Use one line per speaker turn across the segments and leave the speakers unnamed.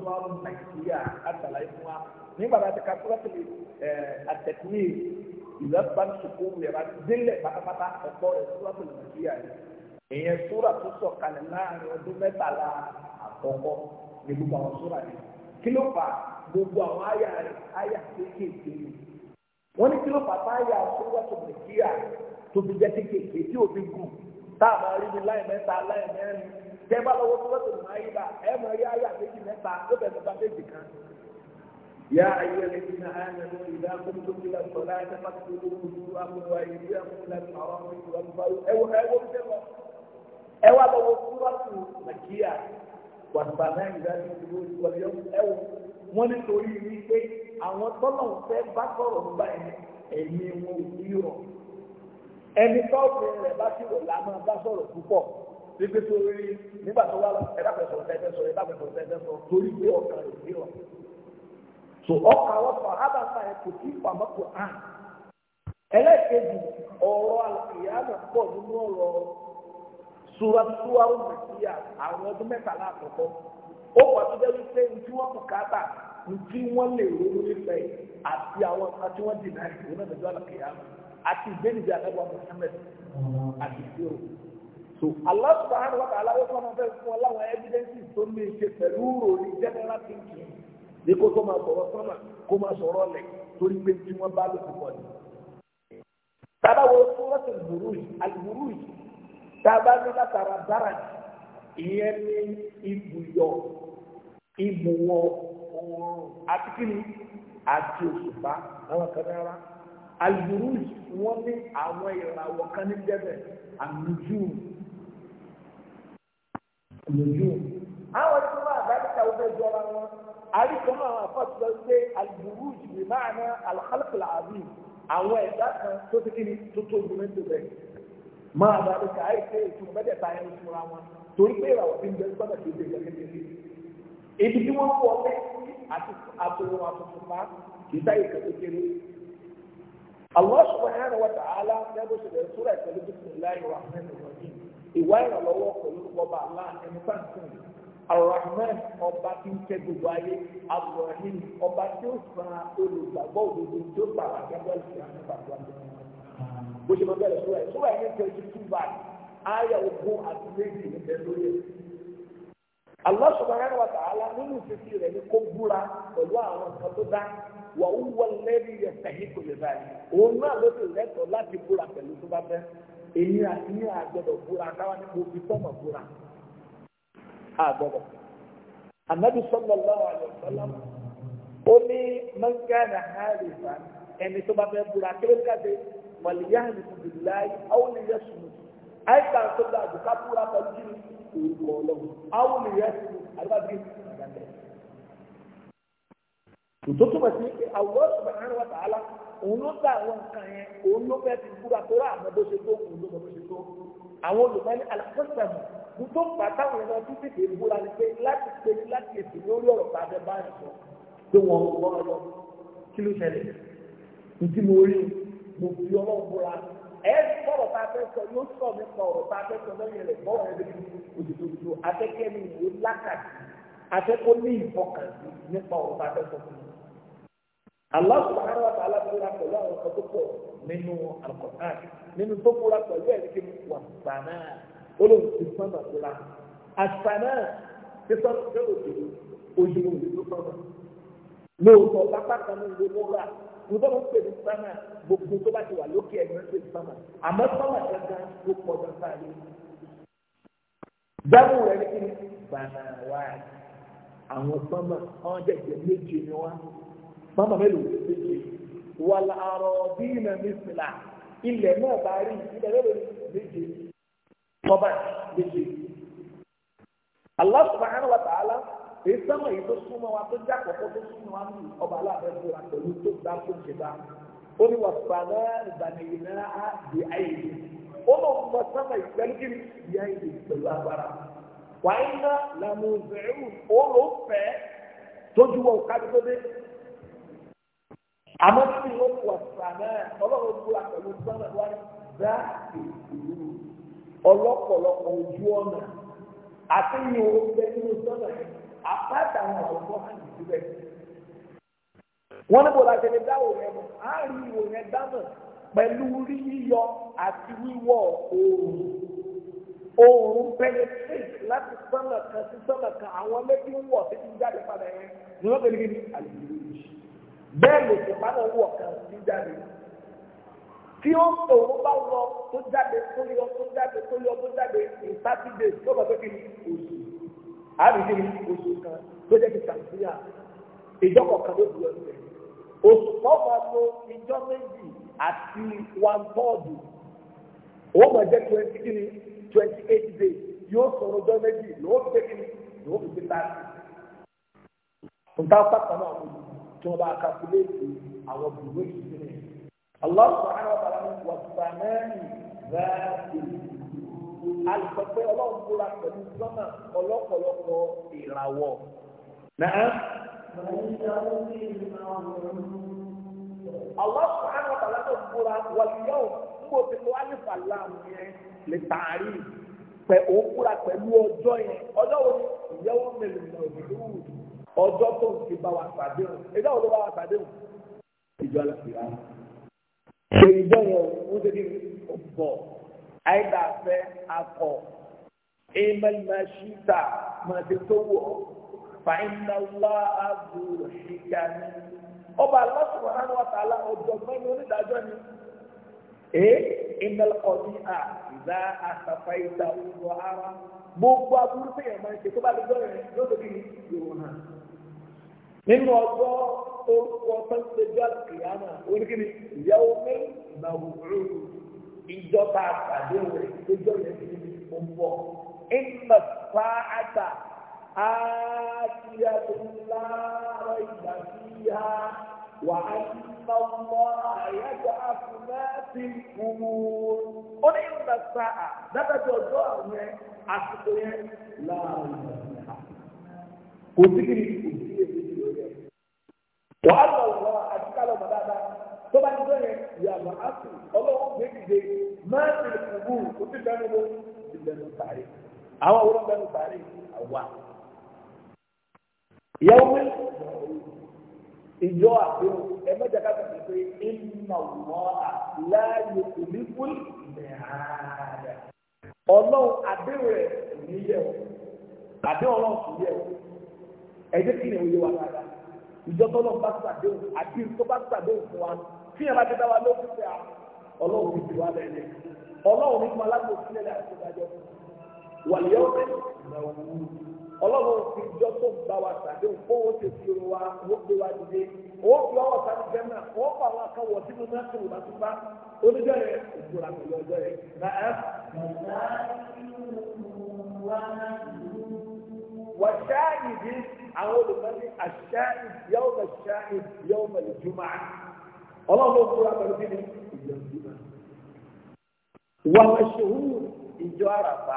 asúwárù nàìjíríà àtàlàyé fún wa nígbà tá a ti ka sọ́kẹ́tìlì àtẹ̀kùnì ìlẹ́pàá sùkú yẹra délẹ̀ pátápátá ẹ̀kọ́ ìsúwárù nàìjíríà yìí ìyẹn súrà tó sọ kalẹ̀ láàrin ọdún mẹ́tàlá àkọ́kọ́ ní gbogbo àwọn súrà yìí kí ló fà gbogbo àwọn àyà rẹ̀ àyà kéékèèké yìí wọ́n ní kí ló fà tá àyà súrà nàìjíríà tó tẹ́ bá lọ́wọ́ tó lọ́tò mọ́ ayé bá ẹ mọ̀ rí ayé àbẹ́jì mẹ́ta tó bẹ̀rẹ̀ bá méjì kan. يا أيها الذين آمنوا إذا قمتم إلى الصلاة فاغسلوا وجوهكم وأيديكم إلى المرافق وانفروا أو أو أو أو سورة مكية والسماء ذات البروج واليوم أو wọ́n nítorí wípé àwọn tọ́lọ̀ ń fẹ́ bá sọ̀rọ̀ ń bá ẹ̀mí wọn ò ní rọ̀ ẹni tọ́ọ̀tù rẹ̀ bá sì rọ̀ bá sọ̀rọ̀ púpọ̀ pépé tó rí nígbà tó wà lọ ẹ̀dá pẹ̀sọ̀ ọ̀tẹ̀ sọ ẹ̀dá pẹ̀sọ̀ torí pé ọkàn rẹ̀ ní wọn. so ọkàn wọn sọ abàtà ẹ̀ kò tí pàmò kò hàn. ẹlẹ́ẹ̀kejì ọ̀rọ̀ ìyáàmọ̀ pọ̀ nínú ọ̀rọ̀ suwaru nàìjíríà àwọn ọdún mẹ́tàlá àkọ́kọ́ ó wà tó dẹ́rú pé ntí wọ́n kò káàtà ntí wọ́n lè ronú nífẹ̀ẹ́ àti àwọn àti wọ́n dì náà ìwé náà lọ́jọ́ àlàkìyà àti ìgbénìjà àdàbọ̀ Muhammad àti ìgbéwò so Allah subhanahu wa ta'ala ó sọ́nà fẹ́ fún aláwọ̀ evidence tó ní ṣe pẹ̀lú ròrí general thinking ní kó tó máa sọ̀rọ̀ sọ́nà kó máa sọ̀rọ̀ lẹ̀ torí pé tí wọ́n bá lò sí pọ̀ ní. tábà wo sọ́ọ̀tì buruj alburuj tábà ní látara dára ìyẹn ní ibùyọ̀ ibùwọ̀ oòrùn àti kíni àti òṣùpá àwọn kan náírà alburuj wọ́n ní àwọn ìràwọ̀ kan ní jẹ́bẹ̀ àmì lójú àwọn tí wọn àgbàdìkà wọn bẹ́ẹ̀ jọra wọn àríkọ náà àwọn afọ àtúntò ṣe àlùbùrù jùlọ máa ná àlùkálùkùlà àbí àwọn ẹ̀dá kan tó ti kí ni tó tóbi mẹ́tò bẹ́ẹ̀ máa àgbàdìkà àìsè ìtumọ̀ bẹ́ẹ̀ tẹ̀ táyà ń fúnra wọn torí pé ìràwọ̀ fi ń bẹ gbọ́dọ̀ tó dé ìgbàlódé ibi tí wọ́n wọ ọbẹ̀ àti àtòwọ̀n àtòfòfà ìta ìkà kékeré. Allah subhanahu wa ta'ala lẹ́gbẹ̀ẹ́ sọ̀rọ̀ ìṣúra ìtẹ̀lẹ́ ìwà ìrànlọ́wọ́ pẹ̀lú ọba àlá ẹni fáǹsìn Ar-Rahman ọba tí ń tẹ gbogbo ayé Ar-Rahim ọba tí ó san olùgbàgbọ́ òdodo tó gbà wá gẹ́gẹ́ bí ìṣẹ́ àti bàbá àti bó ṣe máa bẹ̀rẹ̀ sóra ẹ̀ sóra ẹ̀ ní twenty two bag ayé ogún àti méjì níbẹ̀ lórí ẹ̀. Allah subhanahu wa ta'ala nínú ìfisí rẹ̀ ní kó búra pẹ̀lú àwọn nǹkan tó dá wà ó wọlé ní ẹ̀sẹ̀ yìí kò lè báyìí òun náà ló ti rẹ́tọ̀ láti búra pẹ̀lú tó bá bẹ́ẹ̀ èmi àti ní àgbọ̀dọ̀ búra káwá ní mo fi tọ́mọ̀ búra àgbọ̀dọ̀. Ànábì sallallahu alaihi wasallam ó ní mọ́ngàrà hàrìfà ẹni tó bá fẹ́ búra kí ló ń káde wàlíyáhìn billahi àwọn ènìyàn sùn àìsàn tó dáa jù ká búra pẹ̀lú kí ni orúkọ ọlọ́run àwọn ènìyàn sùn àgbàdì ìgbàgbẹ́. Òtútù bẹ̀ sí àwọn òun ló dá àwọn nǹkan yẹn òun ló fẹ́ ti búra tó rà àmọ́ bó ṣe tó òun ló mọ̀ bó ṣe tó àwọn olùmọ́ni alákọ̀sàmù ní tó fà táwọn ẹ̀rọ títí fi búra ni pé láti pe láti èsì lórí ọ̀rọ̀ tàbí báyìí sọ pé wọn ò gbọ́n lọ kí ló ṣẹlẹ̀ ìdí mo rí mo fi ọlọ́run búra ẹ sọ̀rọ̀ tá a fẹ́ sọ yóò sọ nípa ọ̀rọ̀ tá a fẹ́ sọ lẹ́yìn rẹ̀ bọ́ọ̀rọ̀ ẹ̀ bẹ́ẹ̀ òdòdó afẹ́kẹ́ mi ìwé lákàtì Allah subhanahu wa ta'ala bóra pẹ̀lú àwọn ọkọ̀ tó pọ̀ nínú Al-Qur'an nínú tó bóra pẹ̀lú ẹ̀rí kí wà sànà olóhùn ti sọ́nà bóra àsànà ti sọ́nà tó lò dé ojú òní tó sọ́nà lóòótọ́ pápá kan ní ìlú mọ́ra ìgbà wọn pè ní sànà gbogbo tó bá ti wà lókè ẹ̀ ní wọn pè sànà àmọ́ sànà gangan ló pọ̀ gangan yìí. dáhùn rẹ̀ ní kí ni sànà mọ́mọ́ mélòó méjì wàlà àrọ̀ dínà mísìlà ilẹ̀ náà bá rí ilẹ̀ mélòó méjì tọ́ba méjì. Allah subhanahu wa ta'ala èyí sábà yìí tó súnmọ́ wa tó já kọ̀kọ́ tó súnmọ́ wa nù ọba aláàbẹ̀bọ̀ àtẹ̀lú tó dá tó ṣe dá ó ní wà fàlà ìbànìyàn á di ayé ó lọ mọ sábà yìí pẹ̀lú kí di ayé pẹ̀lú agbára wàá iná làmùzẹ̀rù ó ló fẹ́ tójú wọn kájú tó dé àmọ́ tí mi yóò wà sàmẹ ọlọ́run búra pẹ̀lú sọmọ wa dá ìlú ọlọ́pọ̀lọpọ̀ ojú ọ̀nà àti yìí ó bẹ nínú sọmọ yẹn àpáta àwọn àwòkọ hàn síbẹ̀. wọ́n ní kò láti lè dá òun yẹn mọ̀ á rí ìwò yẹn dámọ̀ pẹ̀lú rí yíyọ àti wíwọ̀ oòrùn oòrùn penetrate láti sọmọ kan sí sọmọ kan àwọn méjì ń wọ̀ títí jáde padà yẹn ni wọ́n bẹ́ẹ̀ lè owó jáde tí ó òun bá lọ tó jáde tó yọ tó jáde tó in tó bá tó kiri oṣù àbí kiri oṣù kan tó jẹ́ kí sàmùsíyà ìjọkọ̀ kan ló dùn oṣù kan máa lo ìjọ méjì àti one third kiri twenty days yóò sọ̀rọ̀ ọjọ́ méjì tí wọ́n bá kàkúlẹ́tì àwọn bùrú ìṣẹ̀lẹ̀. Allah subhanahu wa ta'ala wà sàmẹ́rì rẹ́ẹ̀dì. Àlùkò pé ọlọ́run búra pẹ̀lú sọ́nà ọlọ́pọ̀lọpọ̀ ìràwọ̀. Nàá. Allah subhanahu wa ta'ala tó búra wàlúyọ̀ nígbà tí wọ́n á ní fàlà yẹn lè tààrí pẹ̀ òun búra pẹ̀lú ọjọ́ yẹn. Ọjọ́ wo ni ìyẹ́wò mélòó ni òbí ọjọ́ tó ń ti bá wa pàdé o ẹgbẹ́ wo ló bá wa pàdé o ìjọ aláfíà ṣe ìjọ yẹn o ń ṣe kí o bọ̀ àìdá fẹ́ akọ ìmẹ̀lẹ́mẹ̀ṣíta máa ti tó wọ̀ fàìnàlá àbúrò ṣìkà ni ọba aláṣọwọ́ náà wà tààlà ọjọ́ mẹ́rin onídàájọ́ ni ee ìmẹ̀lẹ́ à ìdá àtàfà ìdá òwúrọ̀ ara gbogbo aburú tó máa ń ṣe tó bá lè gbọ́ yẹn yóò tó kí náà. nínú ọjọ́ orúkọ sọ́ńtẹ́jọ́ àkìyàmà oníkìní ìyàwó mi màwùrù ìjọba àpàdé rẹ̀ lójọ́ yẹn ti ní ọmọ ìmọ̀ fáata àtìyàtúndà ìgbà sí ya wà á nà ọmọ àyájọ àfúnáàtì kúrú. ó ní ìmọ̀ fáà dábàjọ́ ọjọ́ àwọn àsìkò yẹn láàrin kò sí kiri kò sí. wàá ọ̀rọ̀ wọ àtúkálọ̀ mọ̀ dáadáa tó bá ti bẹ̀rẹ̀ ìyàmọ̀ àti ọlọ́wọ́ gbèdìde máa ń kùbù ó bẹ́ẹ̀ lọ ti bẹ́ẹ̀ lọ àwọn àwòrán bẹ́ẹ̀ àwa. ìyàwó mi ìjọ àdéhùn pé ìmọ̀ láàyè ọlọ́run àdéhùn rẹ̀ ní ìjọtọ́lọ́ bá sàdéhùn àti tó bá sàdéhùn fún wa tí yàrá ti dá wa ló fẹ́ a ọlọ́run ti wá lẹ́lẹ̀ ọlọ́run nípa alágbó sílẹ̀ láti dájọ́ wàlíọ́ rẹ̀ ọlọ́run ti jọ tó ń bá wa sàdéhùn fóun ti fi wa ó gbé wa dìde ó fi ọwọ́ sáré bẹ́ẹ̀ náà ó fà wọn kan wọ̀ sínú náà tó wà tó bá oníjọ́ rẹ̀ òkúra pẹ̀lú ọjọ́ rẹ̀ náà ẹ̀. wàṣáàyè àwọn olùmọ́ni àṣẹ yóò mọ̀ ṣẹ́ yóò mọ̀ ìjùmọ̀
ọlọ́run ló kúra
pẹ̀lú bí ni ìjọ ìjùmọ̀ wà wọ́n ṣòwò ìjọ àràbà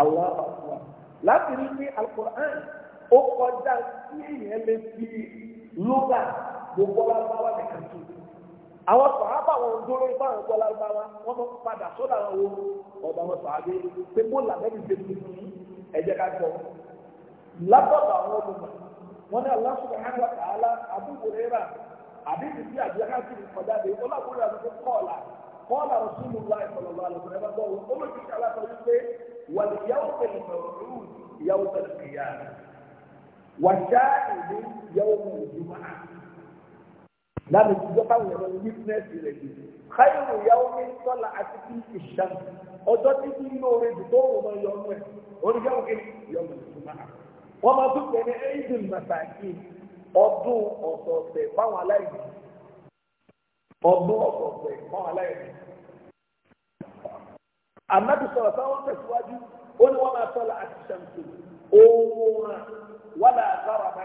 àwọn àpapọ̀ láti rí ní alukur'an ó kọjá sí èèyàn lè fi lóga gbogbo alábáwá nìkan tó àwọn sàábà wọn dúró ipá àwọn gbọ́ lárúbáwá wọn mọ padà sọ́dọ̀ àwọn wo ọ̀dọ̀ àwọn sàábà pé bó làbẹ́bí ṣe tuntun ẹ̀jẹ̀ ká jọ lábàbà àwọn olùmọ̀ wọn ní ala, subhanahu wa ta'ala àbúrò rẹ̀ rà àbíbi tí àbí hajj kọjá de ọlọ́kùnrin àti kọ́ọ̀là kọ́ọ̀là rasulu láì wọn wà ní pẹ̀lú pẹ̀lú wà ìlú pẹ̀lú láti rẹ̀ di káyọ̀rọ̀ mi sọ́la àti kí ọjọ́ tí kí lóore tó wọ́n wọ́n máa tún pẹ̀lú ẹ̀yìn màtàkì ọdún ọ̀sọ̀ọ̀sẹ̀ fáwọn aláìní ọdún ọ̀sọ̀ọ̀sẹ̀ fáwọn aláìní. ànábì sọ̀rọ̀ sáwọn tẹ̀síwájú ó ní wọ́n máa tọ́lá àtìṣàǹtò oorun wọn wàlà àgbára bá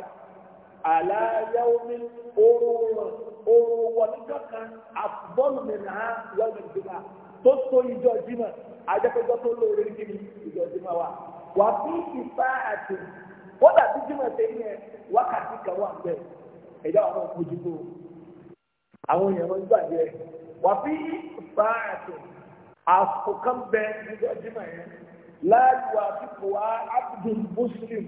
àlàyáwó ní oorun wọn oorun wọn níjọ́ kan àbọ̀lù mìíràn lọ́wọ́ ìjọba tó tó ìjọ jimá ajẹ́pẹ́jọ́ tó lóore jimá ìjọ jimá wa wà bí ìfá àti wọ́n dàbí jùmọ̀ sẹ́yìn yẹn wákàtí kan wà ń bẹ̀ ẹ̀dá àwọn ojúbọ àwọn èèyàn wọn gbàgbé wà fi fàáàtì àsìkò kan bẹ nígbà jùmọ̀ yẹn láàyò àfikò wa abdul muslim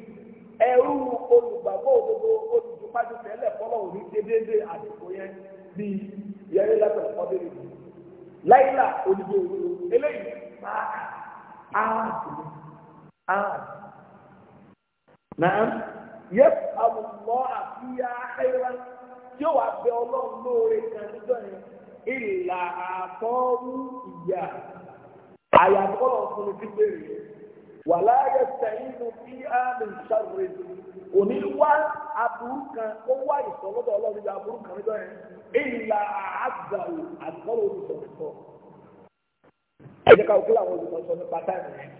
ẹrú olùgbàgbọ́ òdodo olùdókòwò tẹ́lẹ̀ fọlọ́ òní dédédé àsìkò yẹn bíi yẹrí lẹ́tọ̀ ọdún ìlú láìla olùdó òdodo eléyìí máa áàtì áàtì náà yẹ Allah àfíyá ayélujára tí ó wà bẹ ọlọ́run lóore kan níjọ́ yẹn ìlà àtọ́wú ìyá àyàtọ́lọ̀ fún mi bíbélì yẹn wà láyé sẹ́yìn bí àmì ìṣàrò èdè òní wá aburú kan ó wá ìsọlọ́dọ̀ ọlọ́run níjọ́ aburú kan níjọ́ yẹn ìlà àgbàwò àtọ́lọ̀ olùsọ̀tọ̀ ẹ̀jẹ̀ káwọn kí làwọn olùsọ̀tọ̀ nípa táìmù yẹn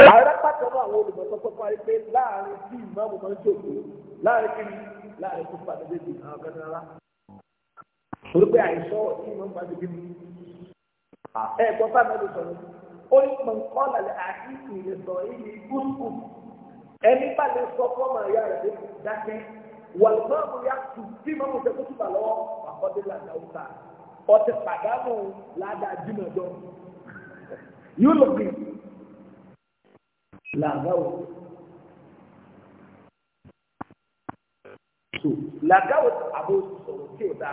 arápàtàn náà àwọn olùmọ̀tọ́ tó parí pé láàrin tí ìmáàmù máa ń jòkó láàrin kí ni láàrin tó padà débi àwọn kan rárá. torí pé àìsọ tí ìmáàmù máa ń débi mú. ẹ gbọ́ bá mẹ́rin sọ̀rọ̀ ó ní pọ̀nkọ́lá lẹ́ àdínkù ilẹ̀ sọ ìlú gúúsù ẹni bá lè sọ fọ́ọ̀mù àyà rẹ̀ dé dákẹ́ wàlúmọ́ọ̀mù yá tù tí ìmáàmù làgáwò so làgáwò àbò sọ̀rọ̀ tí ò dá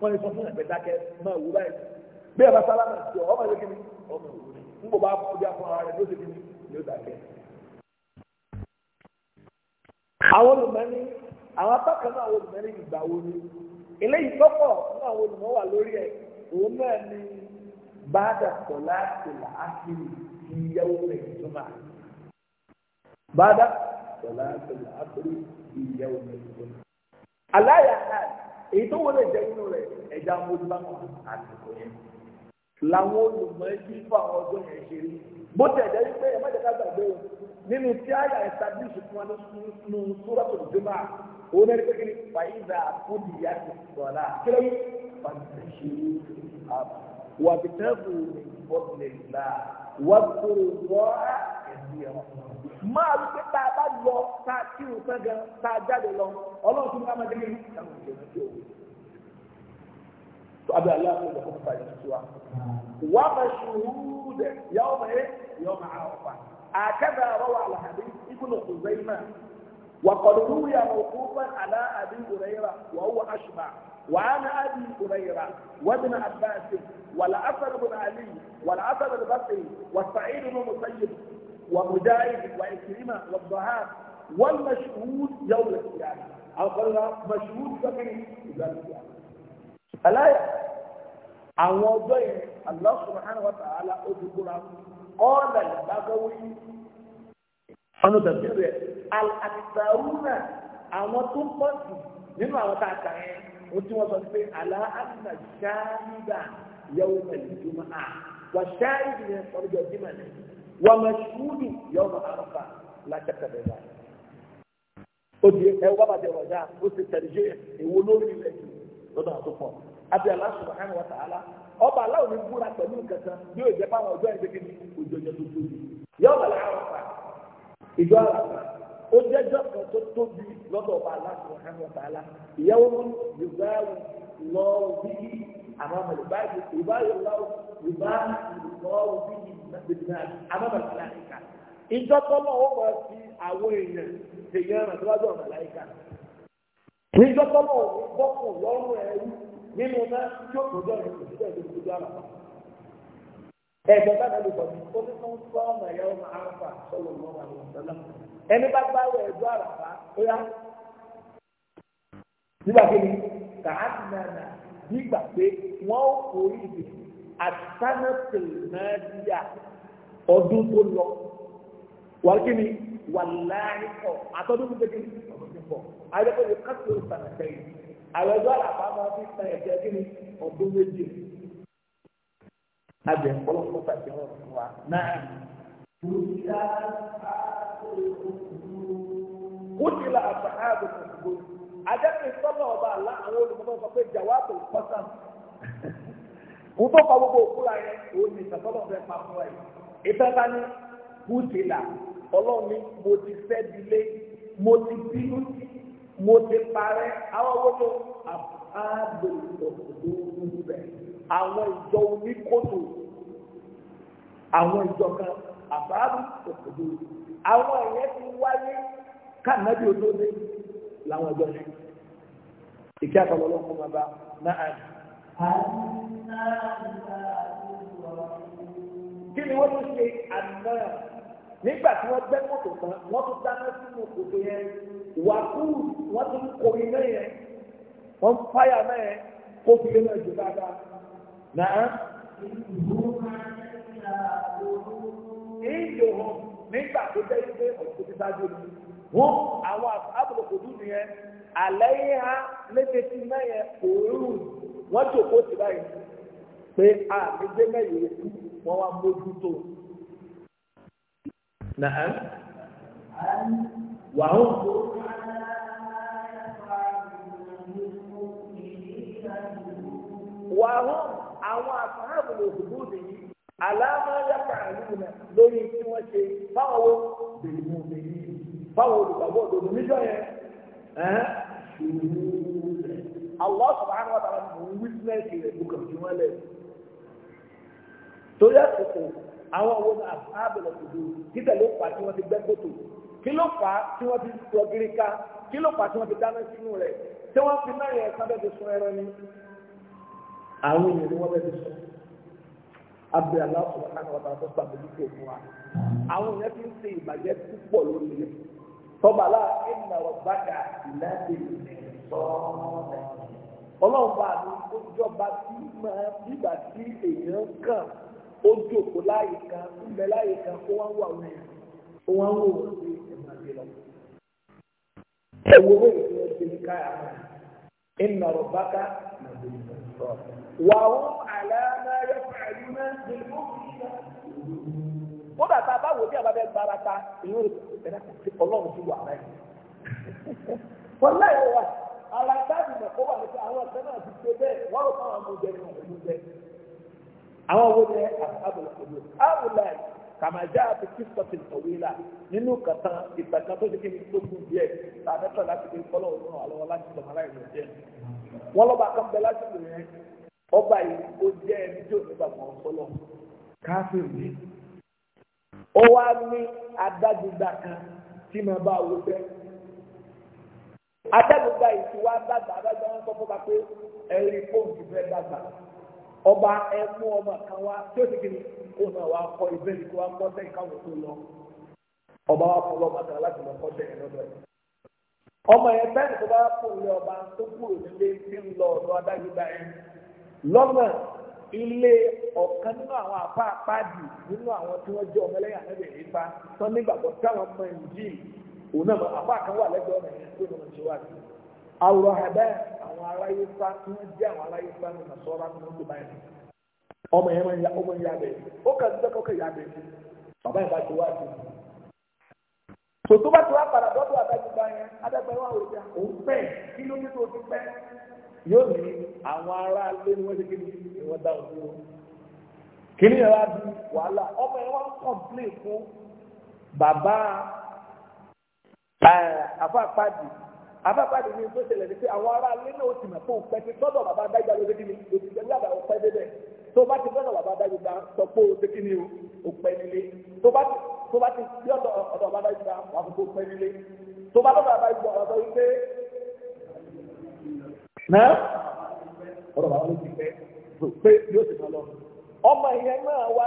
wọ́n lè sọ fún ẹ̀gbẹ́ dákẹ́ máa wú báyìí bí ẹ̀bá sálámà sí ọ ọmọ ìlẹ́kìn ọmọ ìwúrẹ́ ń bọ̀ bá kọjá fún ara rẹ̀ ló ti kíni ló dákẹ́. àwọn olùmọ̀ẹ́ni àwọn apákan náà àwọn olùmọ̀ẹ́ni ìgbà wo ni eléyìí tọ́pọ̀ náà àwọn olùmọ̀ wà lórí ẹ̀ òun náà ni bá dàpọ̀ láti là bàdà wọlá tẹlẹ àkórí ìyá omi ìbọn. aláya náà èyí tó wọlé jẹ inú rẹ ẹja mojúbámọ àtìkò yẹn làwọn olùmọ̀ ẹbí fún àwọn ọdún yẹn ṣe rí bó tẹ̀ jẹ́ wípé ẹ̀ mọ́jọ́ ká gbàgbé o nínú tí àyà ẹ̀sàbíṣì fún wa nínú súrọ́tò ìjọba òun ẹni pé kí ni fàyíǹda fúdi ìyá ti sọ̀rọ̀ kílẹ̀ yìí fàyíǹdaṣe wàbìtẹ́fù ìfọ̀tìlẹ̀ ìlà wàbìtẹ́fù wọ́ọ́ ẹ̀sìn ẹ̀wọ̀n máa wí pé tá a bá lọ tá a tí o fẹ́ gan tá a jáde lọ ọlọ́run tún ká máa dé nínú táwọn ìjọba tí o wò. Abẹ́ alẹ́ àti ìjọba fún ìpàdé tuntun wa. Wà á máa ṣe òwúrú dẹ̀ yọ̀ọ́ máa yẹ yọ̀ọ́ máa àwọn fa. àwọn wà láhàbí ibùdó kò zẹ́yìn náà. وقد روي موقوفا على ابي هريره وهو اشبع وعن ابي هريره وابن عباس والحسن بن علي والحسن البصري وسعيد بن مسيب ومجاهد وإكرمة والضهاب والمشهود يوم القيامة أو قلنا مشهود فقير يوم القيامة الآية عن وضعه الله سبحانه وتعالى أدخل قال البغوي أنا تذكر الأكثرون أنا تنقص مما وتعتهم وانتم وصلتم على أن الشاهد يوم الجمعة والشاهد من الصلاة الجمعة ومشهود يوم عرفة لا شك في ذلك odi ẹwà bàjẹ́ wọ̀nyá ó ti tẹ̀lé ìwò lórí ilẹ̀ jù lọ́dọ̀ àtúfọ̀ àbí Allah subhanahu wa ta'ala ọba aláwọ̀ ní búra pẹ̀lú kẹta bí ó jẹ́ fáwọn ọjọ́ ìgbẹ́kẹ̀ ní ojú ọjọ́ tó tóbi yóò bàlẹ̀ àràfà ìjọ àràfà ó jẹ́ jọ́ tó tóbi lọ́dọ̀ ọba Allah subhanahu wa ta'ala ìyàwó mú yorùbá amẹ́bẹ̀rẹ̀ màláìka ìjọ tọ́lọ̀ ó mọ̀ sí àwọn èèyàn tèèyàn rẹ̀ síwájú ọ̀nà màláìka níjọ tọ́lọ̀ ó bọ́kù lọ́rùn ẹ̀rú nínú náà tí ó tọ́jọ́ rẹ̀ kò síbẹ̀ lórí ojú àràpá ẹ̀jọ̀ bá dàbí bọ̀dù ó ní fún fọ́ọ̀mù ẹ̀yà ọmọ àràpá sọ́lọ̀ lọ́wọ́ àwọn ọ̀sán ẹni bá gbá wọ ẹ̀jọ̀ àràpá ó yá nígbà kí ni kàá ti náà nígbà pé wọ́n ó kórìí àtànàtì nàdíyà ọdún tó lọ wàlúkì ni wàláyé kọ àtọ́dún tó gbẹdẹ ọdún tó bọ̀ ayọ́kọ́ yóò kásìtò ìsànàtẹ̀ yìí àwọn ẹgbẹ́ àlàbà máa sọ́nà ọba àlá àwọn kò tó kọ gbogbo òkúra yẹn òun ní ìtàkọ́lọ́ fẹ́ pa fún ẹ ìfẹ́ bá ní bùtìlà ọlọ́run ní mo ti fẹ́ dilé mo ti bínú mo ti parẹ́ àwọn owó tó àbáàbò ìtọ̀kùnrin rẹ̀ àwọn ìjọ oníkótó àwọn ìjọ kan àbáàbò ìtọ̀kùnrin àwọn ìyẹn ti wáyé káàmẹ́bí òdòdó làwọn ìjọ yẹn ìkẹ́ àtọ̀lọ́lọ́ fún bàbá náà kí ni wọ́n tún ṣe àná nígbà tí wọ́n gbẹ́ mọ́tò tán wọ́n tún dáná sínú kòtò yẹn wàkú wọ́n tún kọ iná yẹn wọ́n fáyà náà yẹn kó fi iná jù dáadáa náà. ìjò hàn nígbà tó jẹ́ ilé ọ̀sẹ̀ tí sáájú ni wọ́n àwọn àbúrò kò dùn nìyẹn àlẹ́ yìí hàn létí iná yẹn òórùn wọ́n jòkó sí báyìí pé àmì dé mẹ́rin yòókù wọ́n wá mójú tó. Nàá wà ó. Wà ó àwọn àfahàn òdòdó nìyí àlámà yàtọ̀ àlùmọ̀ náà lórí tí wọ́n ṣe báwo wo bèèmù bèèmù báwo olùgbàgbọ́ òdòdó níjọ́ yẹn. Allah subhanahu wa ta'ala mò ń wíṣínẹ́sì rẹ̀ bùkàn jù wọ́n lẹ̀. torí àsìkò àwọn owó náà àbẹ̀lẹ̀ kò dúró títẹ̀ ló fà á tí wọ́n ti gbẹ́ kòtò kí ló fà á tí wọ́n ti sọ gírí ká kí ló fà á tí wọ́n ti dáná sínú rẹ̀ tí wọ́n fi náà yẹ sábẹ́ ti sun ẹran ni àwọn èèyàn ni wọ́n bẹ́ẹ̀ ti sun abẹ́ aláṣọ àwọn ọ̀tá tó sàbẹ̀lú kò fún wa àwọn èèyàn ti ń ṣe ìbàjẹ́ púpọ̀ lórí rẹ̀ tọ́balá ìnà ọ̀gbádà ìlànà ìrìnà ìsọ̀rọ̀ ọlọ́ọ̀bá mi ó jọba tí máa bígbà tí èèyàn kàn ó jòkó láyé kan ń bẹ láyé kan kó wá wà wọ́n yẹn kó wá wò wọ́n pé ẹ̀ máa lọ. ẹ wo owó ìfún ṣe ní káyà náà ẹ nà ọ bá wà ó àlàáfíà pàlú náà ṣe ló fi ṣe. kódà tá a bá wò bí àbábẹ́ gbára ta ìlú rẹ̀ ọlọ́run ti wà láyé. wọ́n láyé wà ara táàbì mọ̀ kó wà ní pé àwọn ọ̀sẹ̀ náà ti ṣe bẹ́ẹ̀ wọ́n rò fáwọn ọmọdé ní ọ̀dọ́mọdé àwọn owó ní àbúlà òwò àbúlà kàmájà àti kristofi òwìlà nínú kàtà ìgbàgbà tó ṣe kí ni tó kù díẹ̀ tàbí tọ̀ láti fi kọ́lọ̀ òun àlọ́wọ́ láti tọ̀ mọ́ra ìlú jẹ́ wọ́n lọ́ba kan bẹ láti lò yẹn ọba yìí ó jẹ́ ẹni tí adágbègbè àìsí wa dàgbà adájọ́ wọn sọ fún wa pé ẹ̀rí fóònù dàgbà ọba ẹ̀mú ọmọ kan wa tí ó sì kiri kó náà wàá kọ ìbéèrè kó kọ́ sẹ́yìn káwọn tó lọ ọba wa fọlọ́ ọmọ kan láti lọ kọ́ sẹ́yìn lọ́dọ̀ ẹ̀. ọmọ yẹn bẹ́ẹ̀ tó bá ilé ọba tó kúrò nílé tí ń lọ yẹn lọ́nà ilé ọ̀kan nínú àwọn àpá nínú àwọn tí wọ́n jẹ́ òun náà àbá kan wà lẹ́gbẹ̀ẹ́ ọ̀nà yẹn tó nà ṣe wá sí àwòrán àwọn aráyé sá tí wọ́n jẹ́ àwọn aráyé sá ní tó báyìí ọmọ yẹn máa ń ya ọmọ yẹn yàgbẹ́ ó kà sí sẹ́kọ̀ọ́ kà yàgbẹ́ bàbá yẹn bá ti wá bá ti wá padà dọ́dọ̀ yẹn wà wòlíà òun pẹ́ kí ló tó ti pẹ́ yóò ní àwọn ará wọ́n kí ni wọ́n dá àfáàpáàdì eh, àfáàpáàdì ni tó ṣẹlẹ̀ ní pé àwọn ará ilé náà ó ti mọ̀ fún bàbá adájọ́ lórí kí ni òṣìṣẹ́ nígbà ó pẹ́ débẹ̀ tó bá ti sọ́dọ̀ bàbá sọ pé ó ṣe kí ni ó pẹ́ nílé tó bá ti ọ̀dọ̀ ọ̀dọ̀ bàbá wà fún pẹ́ bá ọmọ ìyẹn náà wá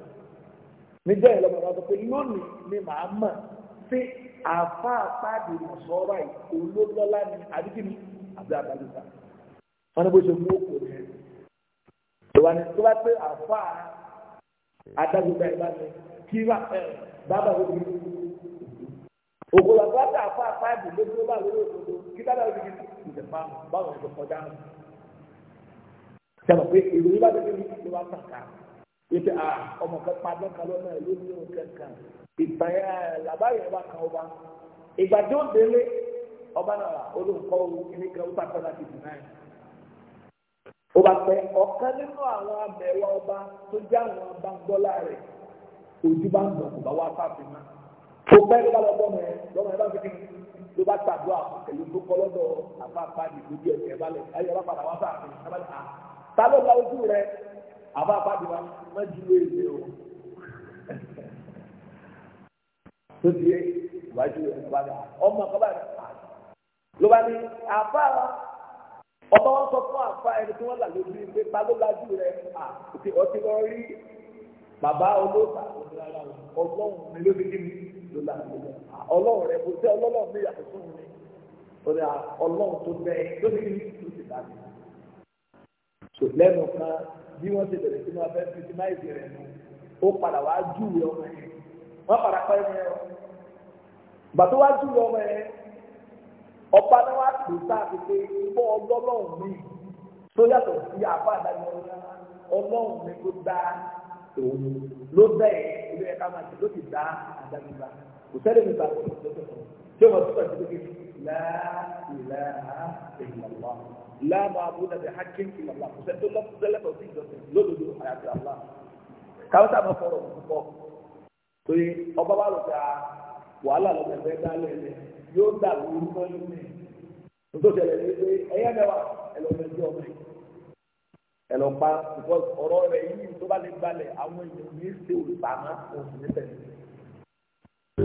níjọ́ yẹn lọ́mọ wa sọ pé lónìí ni màá mọ̀ sí àfa àpáàdé mọ̀sọ́rọ̀ yìí olólọ́lá ni àdídìmí àbí àbálùfà wọn ní bó ṣe mú òkú rẹ̀ ìwà ni tó bá pé àfa adágbègbè ìbá mi kí wà ẹ bàbá wo ni òkú lọ bá tà fún àpáàdé lójú bá lórí òdodo kí bàbá wo ni ìdè pa báwọn ìdè kọjá sẹ́wọ̀n pé ìròyìn bá dé ní ìdè ipe a ah, ọmọ kẹpa lọ́kàn lọ́nà ìlú ní kankan ìgbà yẹn làbáyé wa kan ọba ìgbà tí ó délé ọba náà olùkọ́ ìní kan ó bá tọ́ láti dì náà ó bá pẹ́ ọ̀kan nínú àwọn abẹ̀wò ọba tó jẹ́ àwọn ọba gbọ́lá rẹ̀ ojú bá ń bọ̀ kó bá wá fáfi mọ́ tó pẹ́ ló bá lọ bọ́ mọ́ ẹ lọ́mọ ẹ bá fi kí ló bá tàdúrà pẹ̀lú tó kọ́ lọ́dọ̀ àfáàfáà nìgbòdì ẹ̀sẹ̀ balẹ̀ ayọ̀ bá padà wá fáfi àbá àpáàdé wa má ju èlé o tó ti yé wàá ju èlé wa dà ọmọ kọ́ bá yẹ ló bá ní àbá ọba wọn sọ fún àbá ẹni tí wọn là lójú pé ta ló lajú rẹ ọtí lọ rí bàbá olóòtà ọlọ́run mi ló fi kí mi ló là lójú ọlọ́run rẹ kò sí ọlọ́run mi yàtọ̀ fún mi lórí ọlọ́run tó bẹ́ẹ̀ ló kí mi ló sì dá mi. lẹ́nu bí wọ́n ti bẹ̀rẹ̀ sí máa fẹ́ fitimáìsì rẹ̀ nù ó padà wá júwe ọmọ yẹn wọ́n padà pẹ́ ọmọ yẹn bàtú wá júwe ọmọ yẹn ọba náà wá pè sáà fi pé bọ́ ọlọ́run mi tó yàtọ̀ sí àbá àdáyé ọlọ́run mi tó dá òun ló dẹ̀ ilé ẹ̀ka máa ti ló ti dá àdáyé bá kò sẹ́lẹ̀ mi bá tó tó tó tó tó tó tó tó tó tó Allah la ma'buda bi haqqin illa Allah kò sẹ́ni tó lọ́kùn tẹ́lẹ̀ tó sì jọ́sìn lódodo àyàfi Allah káwọ́tà máa fọ̀rọ̀ púpọ̀ torí ọba bá lọ́ọ́ ta wàhálà lọ́mọ ẹ̀fẹ́ dálẹ̀ ẹ̀ yóò dà lórí mọ́lú mi nítòsílẹ̀ ní pé ẹ̀yà mẹ́wàá ẹ̀ lọ́mọ ẹ̀jẹ̀ ọmọ yìí ẹ̀ lọ́ pa because ọ̀rọ̀ rẹ̀ yìí tó bá lè gbalẹ̀ àwọn èèyàn ní ṣe olùpamọ́ òsì níbẹ̀.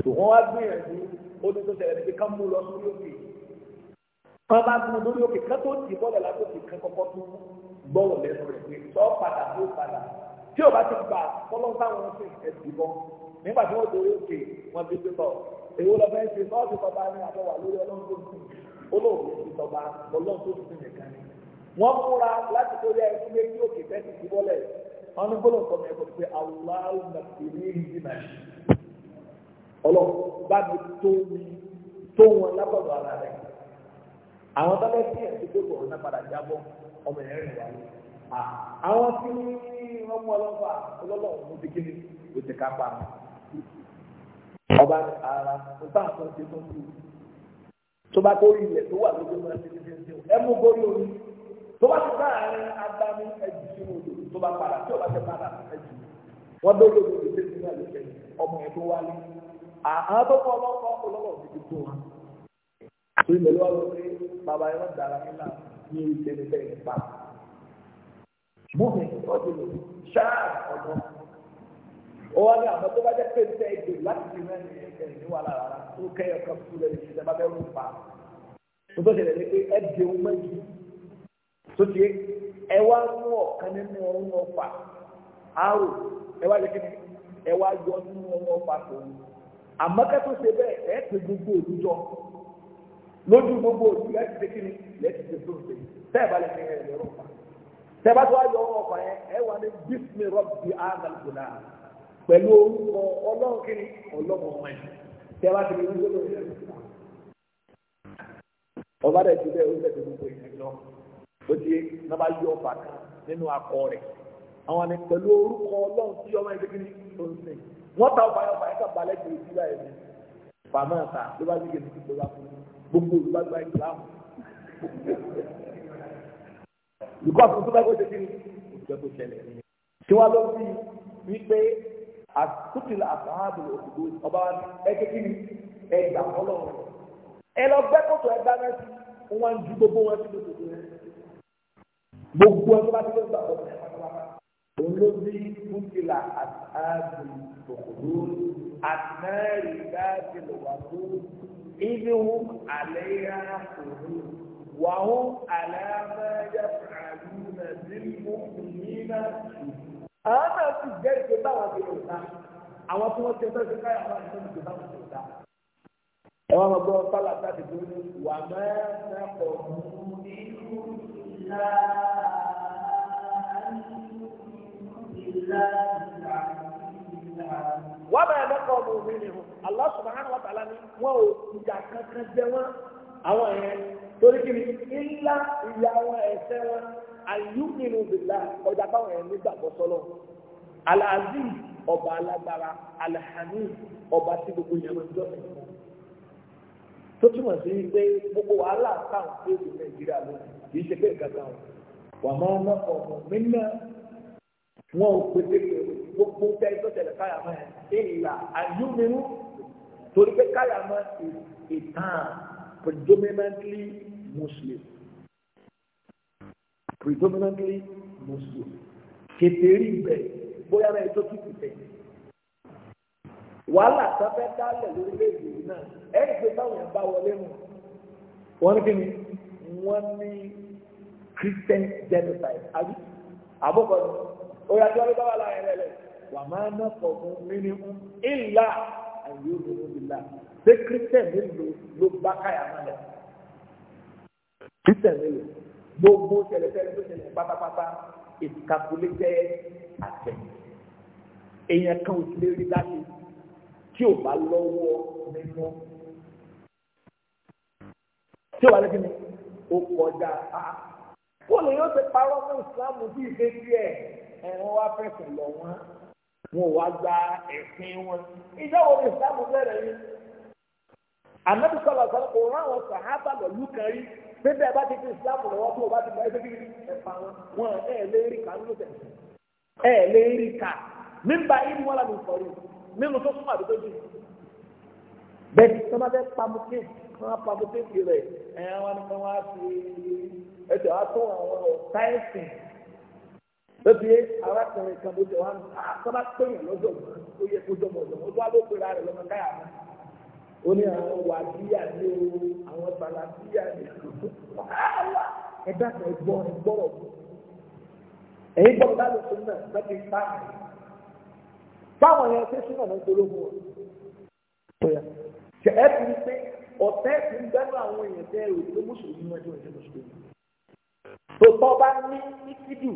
tò wọ́n wá gbìyànjú ó ní tó ṣẹlẹ̀ ní pé ká mú lọ sórí òkè yìí wọn bá gbọ́n lórí òkè kan tó ti bọ́ọ̀lù látòkè kan kọ́kọ́ tó gbọ́rọ̀ lẹ́nu rẹ̀ pé sọ padà tó padà tí o bá ti gbà kọ́lọ́ táwọn ṣe ẹ̀sìn bọ́ nígbà tí wọ́n dorí òkè wọn bí pé bọ̀ èwo lọ fẹ́ ṣe sọ́ọ̀sì tọba ní àbẹ̀wà lórí ọlọ́run tó sùn olóòwò ti tọba ọlọ́run tó sùn nìkan ni wọ́n múra láti torí ẹ̀sìn lé ní òkè fẹ́ ti ti bọ́lẹ̀ wọn ní gbọ́dọ̀ sọ mẹ́kọ̀ọ́ pé aláwọ̀ nàìjíríà yìí nà ọlọ́run bá mi tó mi tó wọn àwọn tó bẹ tí ẹ ti gbogbo ọ̀nà padà jábọ̀ ọmọ ẹ̀ rìn wáyé àwọn tí wọ́n mú ọlọ́fà ọlọ́lọ́ ọ̀hún ti kíni kò ti ká pa ọba ara nípa àtúntò ti tó kú tó bá tó rí ilẹ̀ tó wà lójú ọmọ ẹ̀ ti ti ti ẹ mú borí omi tó bá ti bá àárín agbami ẹ̀jù sínú odò tó bá padà tí ọba ti padà ẹ̀jù wọ́n dó lórí odò tó ti ọmọ ẹ̀ tó wálé àwọn tó kọ́ ọlọ́kọ́ ọlọ́kọ́ ti torí pẹ̀lú wà lóore bàbá yẹn wọ́n dara nílà ní ìṣẹ̀lẹ̀ bẹ́ẹ̀ nípa. mọ́mí ọdún lò ṣáà ọ̀nà ó wá ní àmọ́ tó bá jẹ́ pé ń tẹ́ ìgbè láti fi mẹ́rin ẹ̀yìn ní wàhálà rárá tó kẹ́yọ̀ kan fún lẹ́yìn ìṣẹ̀lẹ̀ bá bẹ́ẹ̀ rún pa. tó tó ṣẹlẹ̀ ní pé ẹ di ohun méjì tó ti ẹ wá mú ọ̀kan nínú ọ̀run ọ̀fà áwò ẹ wá lè kí ni ẹ wá yọ nínú ọ̀run ọ̀fà tó àmọ́ kẹ́tọ́ ṣe bẹ́ẹ̀ ẹ̀ pé gbogbo òdújọ́ lójú gbogbo òtún láti ṣe kí ni lẹ́tí ṣe tó ṣe tẹ́ẹ̀bá lẹ́tí ẹ̀ lọ́rọ̀ pa tẹ́ẹ̀bá tó wáyé ọwọ́ ọkọ̀ yẹn ẹ wà ní bísí rọ́bì àgàlùkùnà pẹ̀lú orúkọ ọlọ́run kí ni ọlọ́run ọmọ ẹ̀ tẹ́ẹ̀bá ti rí gbogbo ìyẹn ọba dẹ̀ ti bẹ́ẹ̀ ó bẹ̀ tó gbogbo ìyẹn lọ ó ti náà bá yọ ọba kan nínú akọ rẹ̀ àwọn ni pẹ̀lú orúkọ ọlọ́run tí ọmọ ẹ̀ kí ni tó ń sìn wọ́n ta ọba gbogbo olùgbàgbà ìsìlámù ìkọ́ àfúnṣe bá gbọ́dọ̀ kí ni òṣìṣẹ́ tó ṣẹlẹ̀ tí wàá lọ sí wípé àtúntìlà àfáàbò òṣìṣẹ́ ọba ẹgbẹ́ kí ni ẹgbà fọlọ́ ẹ lọ gbẹ́kọ̀tọ̀ ẹgbà náà sí wọn ju gbogbo wọn sí lóṣooṣù rẹ gbogbo ẹgbẹ́ bá ti lọ gbà fọlọ́ òun ló bí kúntìlà àfáàbò òṣìṣẹ́ àtúntìlà àfáàbò òṣìṣẹ́ إذ هم عليها قعود وهم على ما يفعلون بالمؤمنين أنا في الجيش بتاع الإنسان àwọn tí wọ́n ti ẹgbẹ́ sí káyà wá nínú ìgbà wọn ti dá. ẹ wá máa gbọ́ sálà láti dúró ní wà mẹ́ta pọ̀ nínú ìlà ìlà ìlà ìlà wọ́n bẹ̀rẹ̀ lẹ́kọ̀ọ́ ọmọ òun ni Allah subhanahu wa ta'ala ni wọ́n ò ìyà kankan jẹ wọ́n àwọn yẹn torí kí ni ńlá ìyá wọn ẹ̀ṣẹ̀ wọn àyùnínú bìlá ọjà báwọn yẹn nígbàgbọ́ sọ́lọ́ alazi ọba alágbára alhami ọba tí gbogbo yẹn máa ń jọ́sìn fún tó túmọ̀ sí pé gbogbo wàhálà táwọn tó èdè Nàìjíríà lónìí kì í ṣe pé ìkàtà wọn wà máa ń lọ́kọ̀ọ́ wọn ò pété gbogbo tẹ́lẹ̀ tó tẹ̀lé káyàmọ́ ẹ̀ ìlà àyùmínú torí pé káyàmọ́ ìtàn predominantly muslim predominantly muslim kètèrí ibẹ̀ bóyá bẹ́ẹ̀ tó tún ibẹ̀ wàhálà tó fẹ́ dálẹ̀ lórílẹ̀-èdè yìí náà ẹ̀ ń gbé báwọn yẹn bá wọlé mu wọ́n ní kí ni wọ́n ní Christian genocide àbí àbúkọ̀ọ́ oya tí wọn bá wà láyé rẹ lẹ wà máa ná pọ̀ fún mímí ń ìlà àyè òmìnira ìlà pé kírísítẹ̀ mélòó ló bá káyà máa lẹ kírísítẹ̀ mélòó gbogbo tẹlẹtẹlẹ tó tẹlẹ pátápátá ìkàkùlé jẹ àtẹ èèyàn kan ò sí lè rí láti tí ò bá lọ́wọ́ nínú tí ò bá lẹ́kìn ní ó kọjá a. Ah, Bọ́ọ̀lù yóò ti parọ́ fún ìsìlámù bí ìgbésí ẹ̀ ẹ̀rọ wa fẹ̀sẹ̀ lọ wọn wọn ò wá gba ẹ̀sìn wọn. ìjọ wo ni ìsìlámù bẹ̀rẹ̀ yìí. ànábì sọlá sọlá kò rán àwọn sàhábà lọ́lú kan rí pé bẹ́ẹ̀ bá ti fi ìsìlámù lọ́wọ́ tó o bá ti gba ẹsẹ̀ kiri ẹ̀fà wọn wọn ẹ̀ lé rí ká nínú tẹ̀ ẹ̀ lé rí ká mímba ìlú wọn làbí ìfọ̀rí nínú tó súnmọ́ àdúgbò jù. bẹ́ẹ̀ni sọ́mọ́ bẹ́ẹ̀ pamukí wọ́n pamukí rẹ̀ ẹ̀ wọn ni wọ́n á fi ẹ̀jọ̀ á tó àwọn sáyẹ́ǹsì bẹ́ẹ̀ bí arákùnrin kan bó jẹ wá sábà péyàn lọ́jọ́ ó yẹ kó jọmọ ọ̀dọ̀ ó tó wá ló pera rẹ̀ lọ́mọ káyà mọ́ ó ní àwọn wàdíyà ní o àwọn bàlàdíyà ní o ẹ dákẹ́ ẹgbọ́ ẹgbọ́rọ̀ ẹ̀yin gbọ́dọ̀ bá lè sọ náà bẹ́ẹ̀ bí pa fáwọn yẹn ṣe súnmọ̀ náà gbọ́dọ̀ mọ́ ọ. ṣe ẹ fi pé ọ̀tẹ́ ti ń bẹ́nu àwọn èèyàn tẹ́ rò pé mùsùlùmí wọn jẹ́ mùsùlùmí. tó tọ́ bá ní ní kídù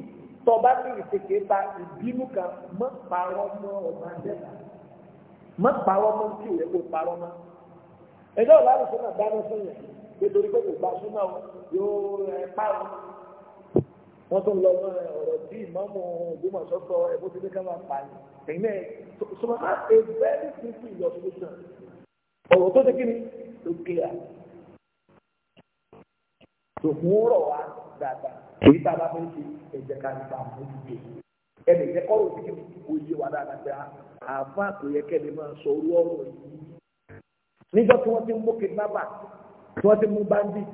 tọba tí ìsèké ba ìbínú kan mọ pàrọ mọ ọba dẹta mọ pàrọ mọ tí òye kò pàrọ mọ ẹjọ ìlànà sọnà dáná fún yẹn nítorí pé kò gba súnà yóò ẹ pàrọ wọn tún lọ ọ̀rọ̀ tí ìmọ̀mù Ògbómọ̀ṣọ́ sọ ẹ̀kọ́ tí máa pa ni ẹ̀yin náà so ma have a very simple illustration ọ̀rọ̀ tó ti kí ni tó clear tòkun rọ̀ wá dáadáa èyí tá a bá fẹ́ ṣe ẹ̀jẹ̀ ká nípa àmójútó ẹnì jẹ́ ọ̀rọ̀ òfin òye wà dáadáa àfa kò yẹ kẹ́ni máa sọ orú ọ̀rọ̀ yìí níjọ́ tí wọ́n ti mú kidnapper tí wọ́n ti mú bandit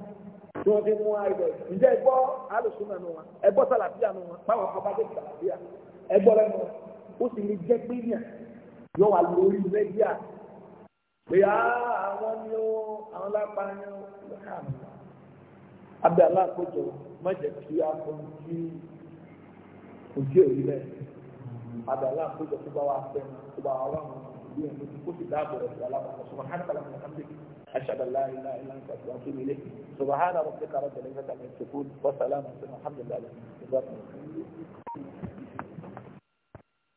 tí wọ́n ti mú idol ǹjẹ́ ẹ gbọ́ alùsùnà nù wọn ẹ gbọ́ sàlàfíà nù wọn báwọn kan bá dé sàlàfíà ẹ gbọ́ lẹ́nu ó sì lè jẹ́ pé yàn yọ wà lórí mẹ́díà pé àwọn ni ó àwọn lápá ni ó abẹ́ aláàkójọ má jẹ́ kí a fún kí òjì òrí rẹ̀ àdàlà àkójọ tó bá wà fẹ́ tó bá wà wọn bí ẹni kó sì dáàbò rẹ̀ sí alábàápọ̀ sọ̀rọ̀ hàn kàlà mọ̀ hàn أشهد أن لا إله إلا أنت أتوب إليك سبحان ربك رب العزة عما يصفون وسلام على المرسلين والحمد لله رب العالمين